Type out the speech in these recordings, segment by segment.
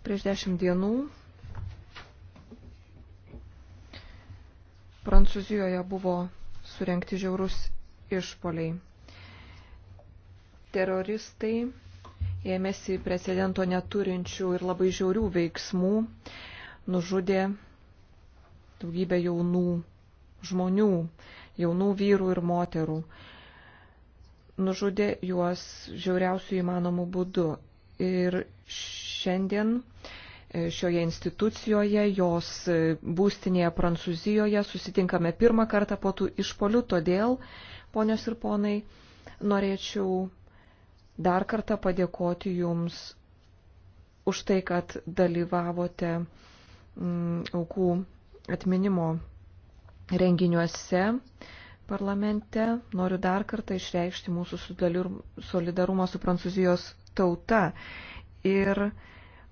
Prieš dešimt dienų Prancūzijoje buvo surenkti žiaurus išpoliai. Teroristai ėmėsi precedento neturinčių ir labai žiaurių veiksmų, nužudė daugybę jaunų žmonių, jaunų vyrų ir moterų. Nužudė juos žiauriausių įmanomų būdų. Ir ši šiandien e, šioje institucijoje, jos e, būstinėje Prancūzijoje. Susitinkame pirmą kartą po tų išpolių, todėl, ponios ir ponai, norėčiau dar kartą padėkoti Jums už tai, kad dalyvavote mm, aukų atminimo renginiuose parlamente. Noriu dar kartą išreikšti mūsų solidarumą su Prancūzijos tauta ir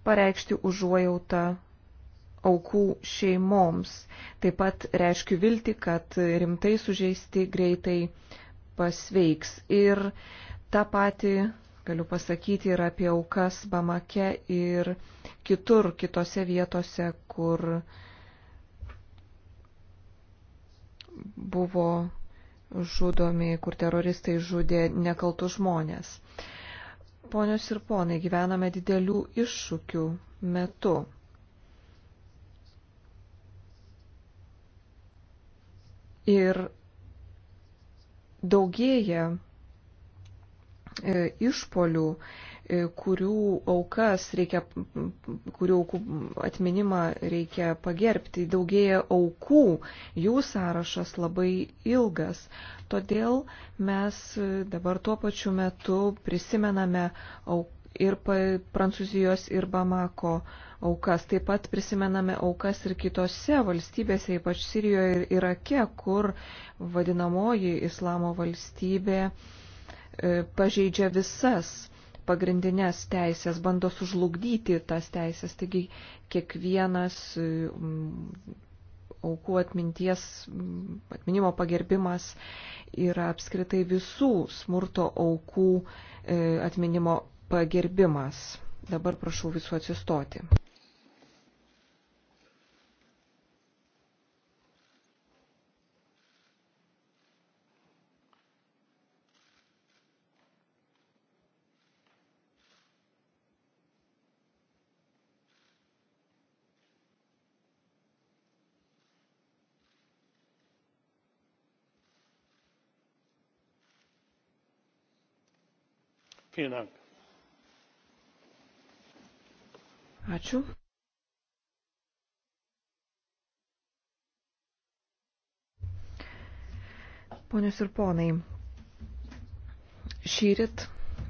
pareikšti užuojautą aukų šeimoms. Taip pat reiškiu vilti, kad rimtai sužeisti greitai pasveiks. Ir tą patį galiu pasakyti ir apie aukas Bamake ir kitur, kitose vietose, kur buvo žudomi, kur teroristai žudė nekaltus žmonės. Ponios ir ponai, gyvename didelių iššūkių metu. Ir daugėja e, išpolių E, kurių aukas reikia, kurių aukų atminimą reikia pagerbti. Daugėja aukų, jų sąrašas labai ilgas. Todėl mes e, dabar tuo pačiu metu prisimename ir Prancūzijos ir Bamako aukas. Taip pat prisimename aukas ir kitose valstybėse, ypač Sirijoje ir Irake, kur vadinamoji islamo valstybė e, pažeidžia visas pagrindinės teisės, bando sužlugdyti tas teisės. Taigi kiekvienas mm, aukų atminties, mm, atminimo pagerbimas yra apskritai visų smurto aukų e, atminimo pagerbimas. Dabar prašau visų atsistoti. vielen dank! ačiū. Ponios ir ponai, šyrit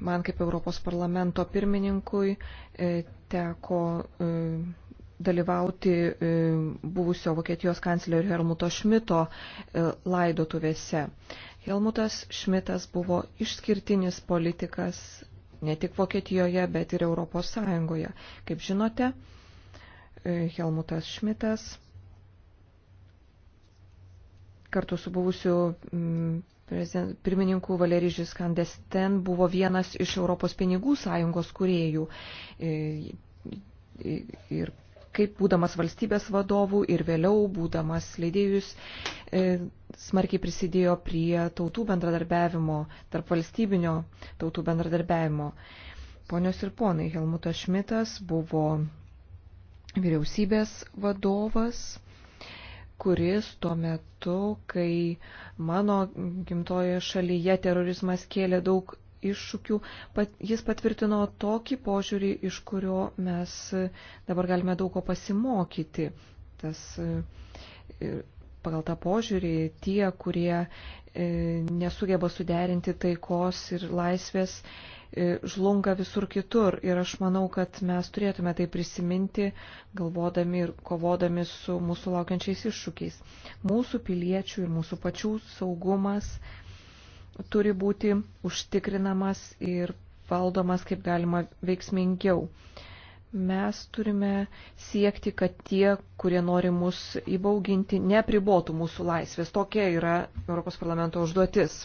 man kaip Europos parlamento pirmininkui e, teko e, dalyvauti e, buvusio Vokietijos kanclerio Helmuto Šmito laidotuvėse. Helmutas Šmitas buvo išskirtinis politikas ne tik Vokietijoje, bet ir Europos Sąjungoje. Kaip žinote, e, Helmutas Šmitas kartu su buvusiu mm, pirmininku Valerijus Žiskandes ten buvo vienas iš Europos pinigų sąjungos kuriejų e, ir kaip būdamas valstybės vadovų ir vėliau būdamas leidėjus e, smarkiai prisidėjo prie tautų bendradarbiavimo, tarp valstybinio tautų bendradarbiavimo. Ponios ir ponai, Helmutas Šmitas buvo vyriausybės vadovas kuris tuo metu, kai mano gimtoje šalyje terorizmas kėlė daug iššūkių, pat, jis patvirtino tokį požiūrį, iš kurio mes dabar galime daug ko pasimokyti. Tas, e, pagal tą požiūrį tie, kurie e, nesugeba suderinti taikos ir laisvės, e, žlunga visur kitur. Ir aš manau, kad mes turėtume tai prisiminti, galvodami ir kovodami su mūsų laukiančiais iššūkiais. Mūsų piliečių ir mūsų pačių saugumas turi būti užtikrinamas ir valdomas kaip galima veiksmingiau. Mes turime siekti, kad tie, kurie nori mus įbauginti, nepribotų mūsų laisvės. Tokia yra Europos parlamento užduotis.